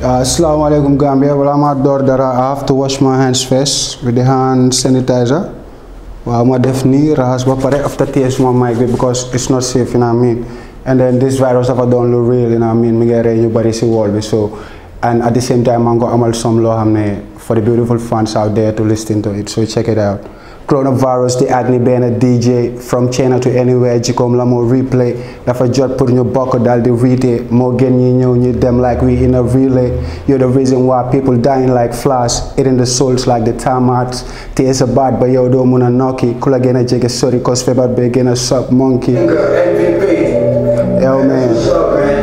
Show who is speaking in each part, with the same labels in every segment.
Speaker 1: Uh, Assalamu alaikum Gambia. Well, I'm outdoor that I have to wash my hands first with the hand sanitizer. Well, I'm definitely after TS my because it's not safe, you know what I mean? And then this virus have a down real, you know what I mean? Me get you body see wall so and at the same time I'm gonna amal some law for the beautiful fans out there to listen to it. So check it out coronavirus the agni ni DJ from China to anywhere jikoom la moo replay dafa jot pour ñu bokk daal di riite moo gën ñi ñëw you dem like we in a relay you're the reason why people dying like flies eating the souls like the termites téye sa bad but yow doo mun noki nokki ku la gën a jege sori cause we bee gën a sub monkey. Yo man,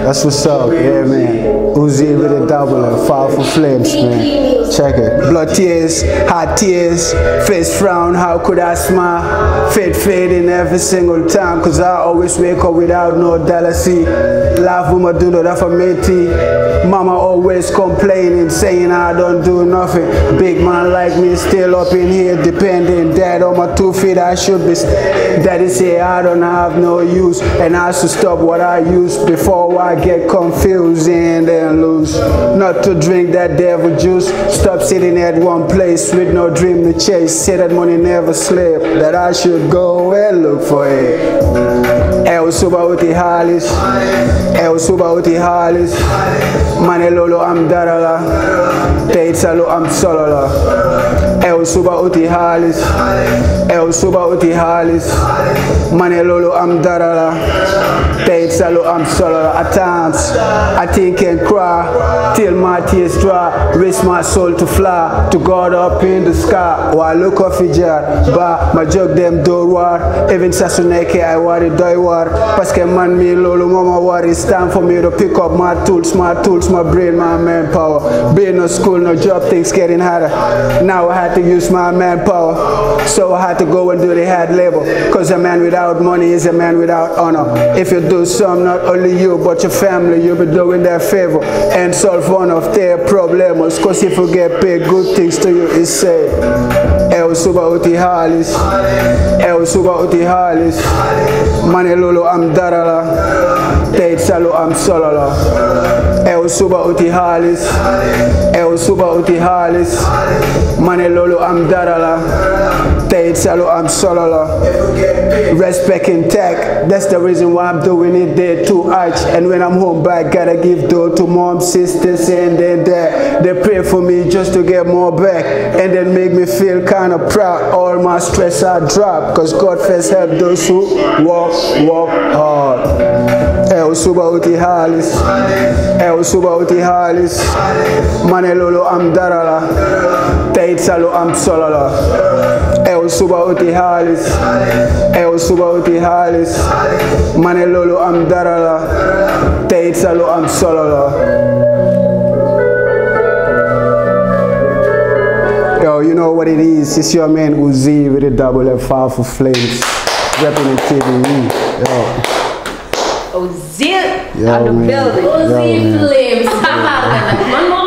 Speaker 1: that's what's up, yeah man. Uzi with a double and fire for flames, man. Check it. Blood tears, hot tears, face frown, how could I smile? Fade fading every single time, cause I always wake up without no dollar see. Life with my dude, that's for T. Mama always complaining, saying I don't do nothing. Big man like me still up in here depending. Dad on my two feet, I should be Daddy say I don't have no use, and I should stop what I used before I get confused and uh, and lose. Not to drink that devil juice. Stop sitting at one place with no dream to chase. Say that money never slept. That I should go and look for it. El suba uti halis. El suba uti halis. Manelolo am darala. salo am solola. الصبا تهالس الصبا تهالس manelolo am darala, paid salo am solora at times I think and cry till my tears dry raise my soul to fly to God up in the sky while oh, look off jar ba my joke them do war even sasuneke I worry do war paske man me lolo mama worry it's time for me to pick up my tools my tools my brain my manpower being no school no job things getting harder now I had to use my manpower. So I had to go and do the hard labor. Because a man without money is a man without honor. If you do some, not only you, but your family, you'll be doing their favor and solve one of their problems. Because if you get paid, good things to you is said ew suba uti halis, ew eh, suba uti xaalis ma ne am darala, la te am solala. la suba uti halis, ew suba uti xaalis ma am darala say it, i am Solala. Respect and tech. That's the reason why I'm doing it there too much. And when I'm home back, gotta give dough to mom, sisters, and then there. They pray for me just to get more back. And then make me feel kinda proud. All my stress I drop. Cause God first help those who walk, walk hard. É o suba uti halis. É o suba uti halis. Manelolo am darala. i am solala. Eu suba uti halis Eu suba uti halis Mane lolo am darala Te itsalu am solala Yo, you know what it is, it's your man Uzi with the double F for flames Reppin' in TV, yo
Speaker 2: Uzi,
Speaker 1: out the man. building Uzi flames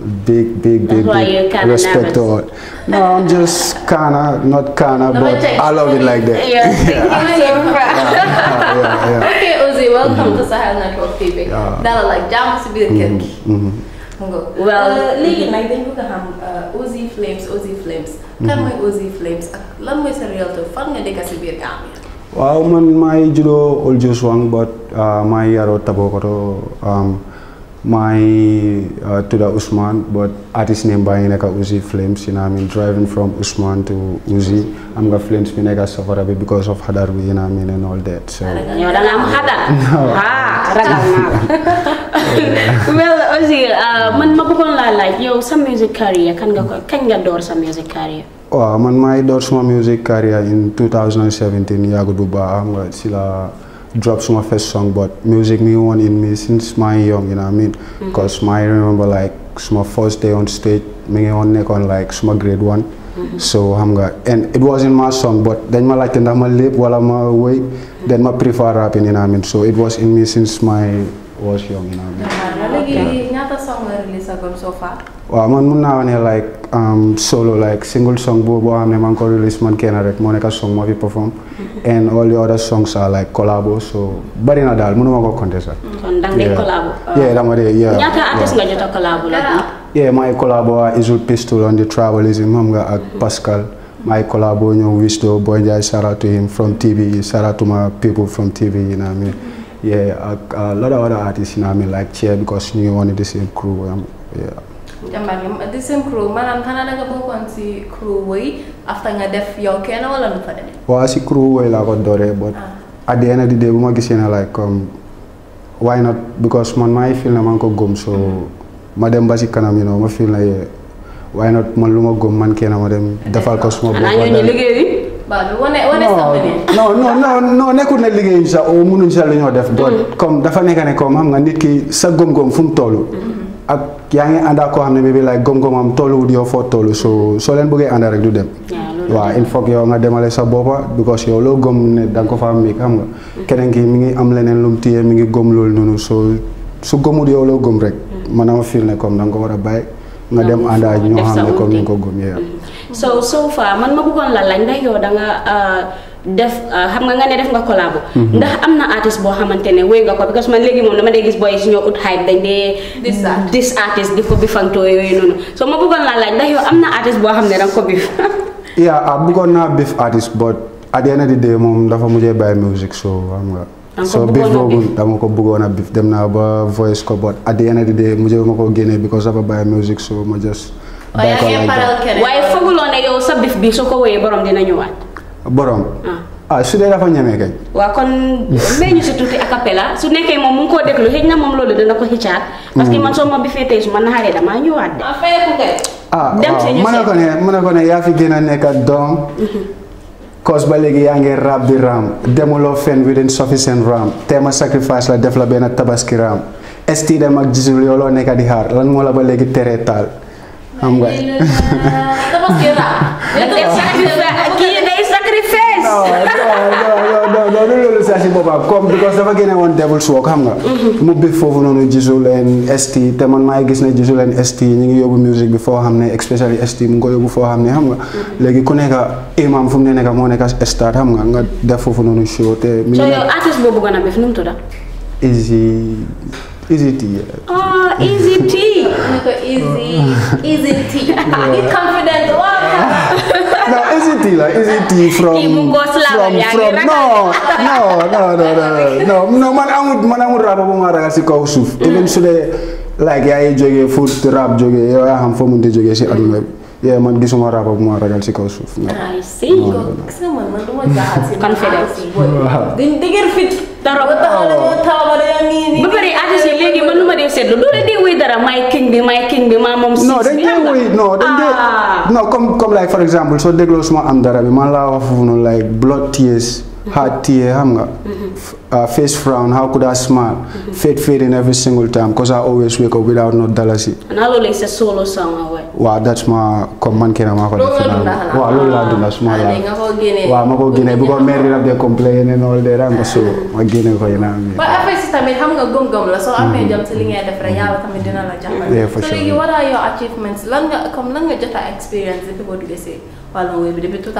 Speaker 1: big, big, big, big respect to it. No, I'm just kinda, not kinda, no, but, I love it like that. Yeah, yeah. yeah, yeah. Okay,
Speaker 2: Uzi, welcome mm -hmm. to mm-hmm. Sahel Network TV. Yeah. That like that must be the kick. Mm -hmm. Well, léegi nag dañ bëgg a xam Uzi Flames, Uzi Flames. can mm-hmm. we Uzi Flames uh, Let me say sa real tur fan nga dëkk si biir Gambia.
Speaker 1: waaw man maay juddoo just one, but uh, my maa yaroo Tabokoto. Um, maa ngi uh, tudda Ousmane but artist name baa ngi nekk Uzi Flames you know driving from Ousmane to Uzi am nga Flames bi nekk safara bi because of xadar bi you know I mean and all that so. yow da nga ah ragal naa la.
Speaker 3: well Uzi uh, man music career kan nga door sa music career.
Speaker 1: man maa ngi door suma music career in 2017 yàggut bu baax nga si dropped my first song, but music me one in me since my young, you know what I mean? Because mm-hmm. mm -hmm. my I remember like my first day on stage, me on neck on like my grade one. Mm -hmm. So I'm got and it wasn't my song, but then my like and I'm a lip while I'm awake, mm-hmm. then my prefer rapping, you know what I mean? So it was in me since my wash yoon
Speaker 2: naa bi léegi ñaata song nga
Speaker 1: waaw man mun naa wane like um, solo like single song boobu boo xam ne man ko release man kenn rek moo nekk song moo fi perform mm-hmm. and all the other songs are like collabo bari na daal mënuma ko compter sax mm-hmm.
Speaker 3: kon dang de collabo yeah ah. dama
Speaker 1: nga jot collabo la yeah may Pistol on the Travelism xam nga ak mm-hmm. Pascal my collabo ñoom Wisto Boy Ndiaye shout to him from TV shout to my people from TV you know what yeah, a, a lot of other artists you know, I mean, like Chair because new one the same crew. Um, yeah.
Speaker 2: Jamani, the same crew. Malam kana naga bokon si crew way after nga def yo ya, kena wala no fadane.
Speaker 1: Well, si crew way la ko dore but ah. at the end of the day buma gisena like um why not because man my feel na man ko gom so mm -hmm. madam basi kanam you know ma feel na yeah, why not man luma gom man kena madam defal ko suma bokon. Ana ñu
Speaker 3: liggéey
Speaker 2: non e- e
Speaker 1: non No, no, nekkul ne liggéey sa o mënuñ sa lañu def but comme mm. dafa nekk ne comme xam nga nit ki sa gom gom fu mu mm-hmm. ak yaa ngi ànd ak koo xam ne like gom gomam tolluwut yow foo tollu so soo leen bëggee ànd rek du dem waaw il faut que nga demale sa boppa because yow loo gom ne da nga ko fa mi xam nga mm-hmm. keneen ki mi ngi am leneen lu mu mi ngi gom loolu noonu so su gomut yow loo gom rek mm-hmm. maanaam fil ne comme da nga ko war a bàyyi nga dem ànd ak ñoo comme ni ko gom yee
Speaker 3: so so far man ma bëggoon la lañ ndax yow da uh, def uh, xam nga nga ne def nga collabo mhm. ndax am na artiste boo xamante ne wéy nga ko parce man léegi moom dama dee gis booy si ñoo ut hype dañ ko bifantoo na
Speaker 1: artiste ah, dafa mujjee bàyyi music so xam nga so ko bëggoon a bif dem naa ba voice ko but at the end of the day mujjee ma ko génnee because dafa bàyyi music so ma just waaye ak ngeen faral keneen waaye faguloo
Speaker 3: ne yow sa bis bi su borom dina nyuwat.
Speaker 1: borom. ah, ah su dee dafa ñemee kañ.
Speaker 3: waaw kon may ñu si tuuti a cappella su nekkee moom mu ngi koo déglu xëy na moom loolu dina ko xiccaat. parce que mm. man soo ma bi fee tey su ma naxaree damaa ñëwaat de. ah fayeeku kay.
Speaker 1: ah waaw ko ya ne mën ko ne yaa fi nekk ak doom. ba ya rab di ram demuloo fen within sufficient ram Tema sacrifice la def la benn tabaski ram esti dem ak gisul neka nekk di xaar lan la ba legi teretal xam nga. si boppam woon Devil's Work xam nga mu bif foofu noonu jisu leen ST te man maay gis ne gisul leen ST ñu ngi yóbbu musique bi foo xam ne especially ST mu ngi ko foo xam ne xam nga léegi ku nekka imam fu mu ne nekka moo nekka stade xam nga nga def foofu noonu show te mi ngi
Speaker 3: artiste boobu gën a bif nu mu tudd Easy tea. Oh,
Speaker 2: easy tea. easy, easy tea. Be nah, confident. Wow.
Speaker 1: no, nah, easy tea lah, easy tea from from ya, from no, no, no, no, no, no, no. Man would man amut rap apa ngara kasih kau suf. Mm-hmm. Even sudah like ya enjoy ya, food rap joge ya, ya ham fomun de joge si aduna ya yeah, man gisuma rap bu ma ragal ci kaw suuf I
Speaker 3: see. ko sama man jaxal ci confidence
Speaker 1: boy din
Speaker 3: digger fit dara ba pare artiste yi léegi man lu ma dee seetlu doo dee wéy dara may king bi may king bi maa moom. si non dañ
Speaker 1: dee ah. comme comme like for example soo dégloo suma am dara bi man laa wax foofu noonu like blood tears hard tear mm-hmm. uh, face frown how could I smile mm-hmm. fade fading every single time because I always wake up without no dalasi
Speaker 3: And I'll is a solo song away.
Speaker 1: Wow, that's my comme man kenn maa ko def waaw loolu laa dunda suma laa I'm going to ah. génne bu ko mère dina de complain and all that I'm nga so ma génne ko yéen am ba
Speaker 2: affaire si tamit xam nga gëm I'm la soo amee jëm si li ngay def rek to tamit dina la so what are your achievements lan nga comme lan experience depuis boo duggee si wàllum wéy bi depuis 2017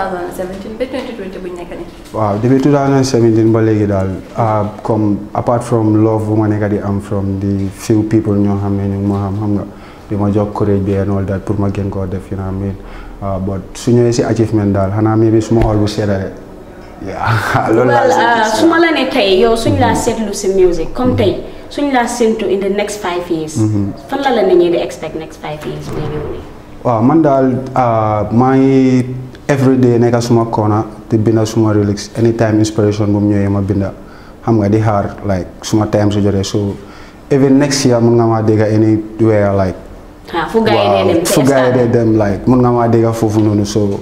Speaker 2: ba 2020 bu ñu nekk
Speaker 1: Wow, waaw 2017 ba dal. Ah, comme apart from love bu ma nekk di am from the few people ñoo xam ne ñu ma xam xam nga di ma jox courage bi and all that pour ma gën koo def you know what I mean ah, but su ñëwee si achievement daal xanaa mi bi suma xool bu seddale Yeah, laa ah,
Speaker 3: su ma la ne tey yow suñ laa mm-hmm. seetlu si music comme tey mm-hmm. suñ la séntu in the next five years mm-hmm. fan la la nit di expect next five years bi ñëw nii
Speaker 1: waaw man every day nek suma corner te binda suma relax anytime inspiration bu ñëwé ma binda xam nga di xaar like suma time su jotee so even next year mën nga dégga any where like
Speaker 3: Ha, fu gars yi dee dem
Speaker 1: like mën nga ma dégga fofu nonu so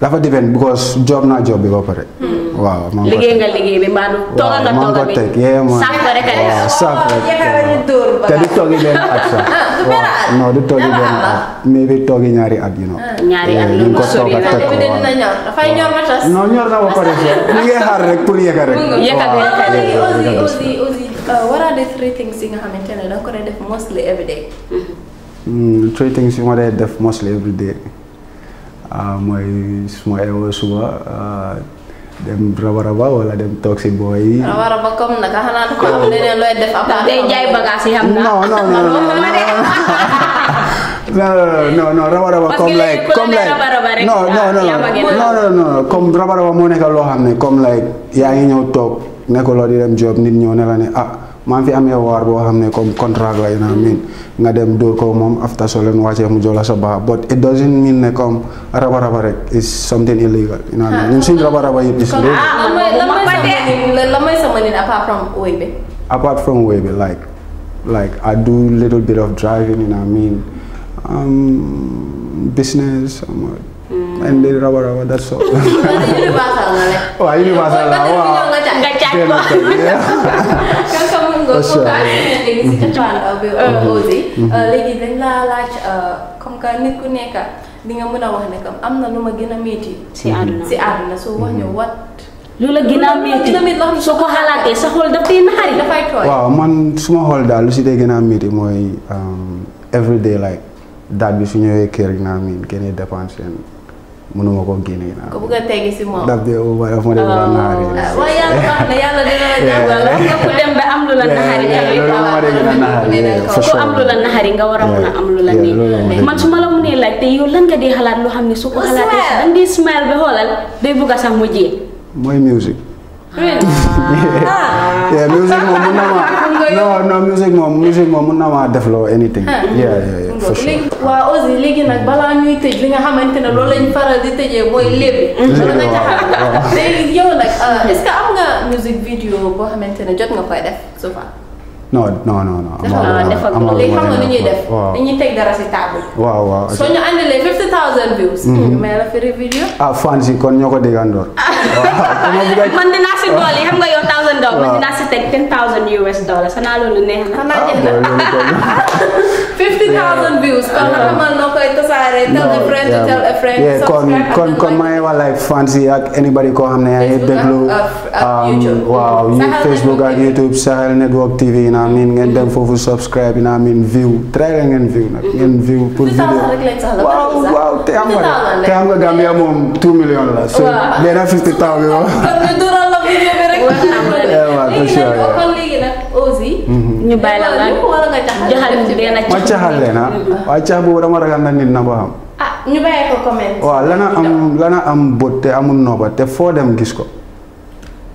Speaker 1: dafa depend because job na job bi ba pare hmm. waaw maa ngi ko liggéey
Speaker 3: nga liggéey bi mbaa du tooga nga tooga bi sàmp rek a def oh, sàmp rek te du toogi benn at sax waaw non du toogi
Speaker 1: benn at mais bi toogi ñaari at yi noonu ah, ñaari at eh, ñu ko tooga teg ko waaw non ñor na ba pare sax ñu ngi xaar rek pour yëga rek yëga aussi
Speaker 2: aussi what are the three things yi nga xamante ne da nga ko dee def mostly every day
Speaker 1: hmm, three things yi ma dee def mostly every day uh, mooy su ma eewoo suba uh, dem rabaraba wala dem toog si booy yi. rabaraba
Speaker 2: comme naka xanaa ko am
Speaker 1: leneen looy def. day jaay bagage yi xam naa. non non non non comme like comme moo nekk loo xam ne comme like yaa ngi ñëw toog nekkuloo di dem job nit ñëw ne ne ah. Man, fi amee war. boo xam comme contrat la you know mean nga dem dóor ko moom after soo leen wàccee mu jola sa baax but it doesn't mean ne comme raba raba rek is something illegal you know ñun suñ raba raba yëpp is loolu la may sama nit apart from way apart from way like like I do little bit of driving you know I mean um, business um, and then rubber rubber that's all universal
Speaker 2: oh universal wow yeah. nga kontaan léegi si cappaandaw bi aussi léegi dañ laa laaj comme que nit ku nekk di nga mën a wax ne am na lu ma gën a métti si àdduna si soo wax ñu wat
Speaker 3: lu la gën a métti soo ko xalaatee sa xol dafay naxari dafay
Speaker 1: tooy waaw man suma xol daal lu si dee gën a métti mooy everyday like daal bi su ñëwee kër naa miin génnee dépense seen mënuma ko génne naa
Speaker 2: ko bëgg teggi
Speaker 3: si moom
Speaker 1: daf dee oh, waaye ma dee oh. nga ku dem ba
Speaker 3: am lu la naxari ku am lu la naxari nga war a mun a am lu
Speaker 1: la nii man su ma
Speaker 3: la munee laaj te yow lan nga dee xalaat loo xam ne su ko xalaatee dan di smile bi xoolal day bugg sax mu mooy musique Ah.
Speaker 1: yeah music ma non music moom music moom mun na ma def loo anything. Ah. yeah yeah for sure.
Speaker 2: waaw aussi léegi nag balaa ñuy tëj li nga xamante ne loolu lañ faral di tëjee mooy lébi. léegi waaw léegi yow nag euh, est-ce am nga music video boo xamante ne jot nga koy def souvent.
Speaker 1: No, non no, non amalu defal ko lay xam nga ñuy def take
Speaker 2: teg dara ci table
Speaker 1: waaw waaw so ñu
Speaker 2: andale 50000 views mais la A review
Speaker 1: ah fans yi kon ñoko degandor man dina
Speaker 3: nasi dolli xam nga yow 1000 dollars man dina ci teg 10000 US dollars sana lolu neex na xana jël 50000 views kon xamal nokoy tassare tell a friend to tell a friend kon kon
Speaker 1: kon may walay like fancy, ak anybody ko xamne ay deglu Wow, Facebook ak YouTube Sahel Network TV naa miin ngeen dem foofu subscribe naa miin view très bien ngeen view nag ngeen view pour vidéo waaw te am nga te am two million la so benn fifty taw bi waaw ma caxal leen ah waaye cax boobu dama ragal na nit na ko xam
Speaker 2: ah,
Speaker 1: waaw lana am lana am bët te amul nooba te foo dem gis ko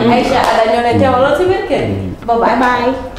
Speaker 1: nhiều Aisha là nhiều này theo lớp
Speaker 2: sẽ
Speaker 3: biết bye bye